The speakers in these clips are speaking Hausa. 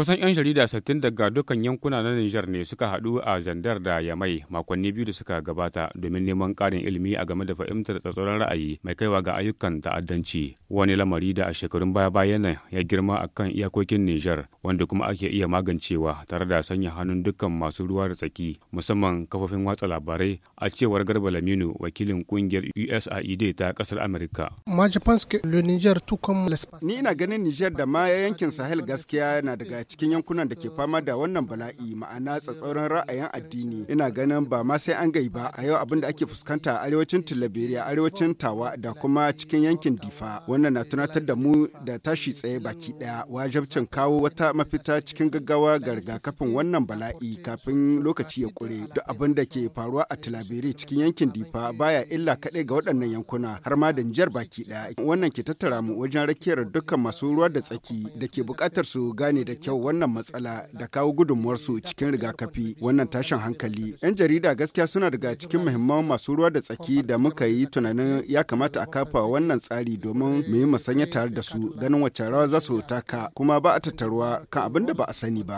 Kusan 'yan jarida sittin daga dukkan yankuna na Nijar ne suka haɗu a Zandar da Yamai makonni biyu da suka gabata domin neman ƙarin ilimi a game da fahimtar tsatsauran ra'ayi mai kaiwa ga ayyukan ta'addanci. Wani lamari da a shekarun baya-bayan nan ya girma a kan iyakokin Nijar wanda kuma ake iya magancewa tare da sanya hannun dukkan masu ruwa da tsaki musamman kafofin watsa labarai a cewar Garba Laminu wakilin kungiyar USAID ta ƙasar Amurka. Ni ina ganin Nijar da ma yankin Sahel gaskiya yana daga cikin yankunan da ke fama da wannan bala'i ma'ana tsatsauran ra'ayin addini ina ganin ba ma sai an gai ba a yau abin da ake fuskanta arewacin tilaberiya arewacin tawa da kuma cikin yankin difa wannan na tunatar da mu da tashi tsaye baki daya wajabcin kawo wata mafita cikin gaggawa ga rigakafin wannan bala'i kafin lokaci ya kure duk abin da ke faruwa a tilaberi cikin yankin difa baya illa kaɗai ga waɗannan yankuna har ma da nijar baki daya wannan ke tattara mu wajen rakiyar dukkan masu ruwa da tsaki da ke buƙatar su gane da kyau wannan matsala da kawo su cikin rigakafi wannan tashin hankali. 'Yan jarida gaskiya suna daga cikin muhimman masu ruwa da tsaki da muka yi tunanin ya kamata a kafa wannan tsari domin mu yi musanya tare da su ganin wacce rawa za su taka kuma ba a tattaruwa kan abin da ba a sani ba.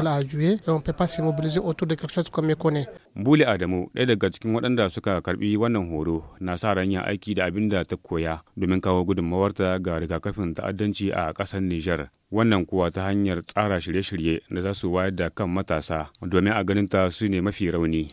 Bule Adamu ɗaya daga cikin waɗanda suka karbi wannan horo na sa ran aiki da abin da ta koya domin kawo gudunmawarta ga rigakafin ta'addanci a ƙasar Nijar. wannan kuwa ta hanyar tsara shirye-shirye da za su wayar da kan matasa domin a ganin ta su ne mafi rauni.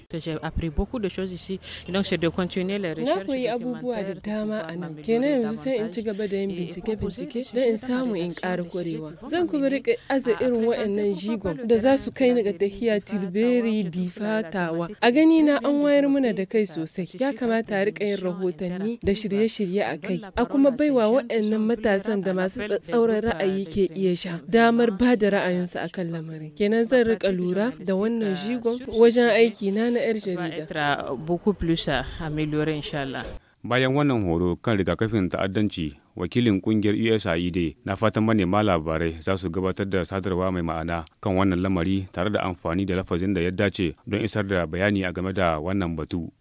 Na koyi abubuwa da dama a nan, kenan yanzu sai in ci gaba da yin bincike-bincike don in samu in ƙara kwarewa. Zan kuma riƙe aza ah, irin waɗannan jigon da za su kai ni ga tahiya tilberi difatawa. A gani na an wayar mana da kai sosai, ya kamata a riƙa yin rahotanni da shirye-shirye a kai, a kuma baiwa waɗannan matasan da masu tsatsauran euh, ra'ayi ke iya ya sha damar ba da ra'ayinsu kan lamarin kenan zan rika lura da wannan jigon wajen aiki na na 'yar jarida bayan wannan horo kan rigakafin ta'addanci wakilin kungiyar usaid na fatan manema labarai za su gabatar da sadarwa mai ma'ana kan wannan lamari tare da amfani da lafazin da ya dace don isar da bayani a game da wannan batu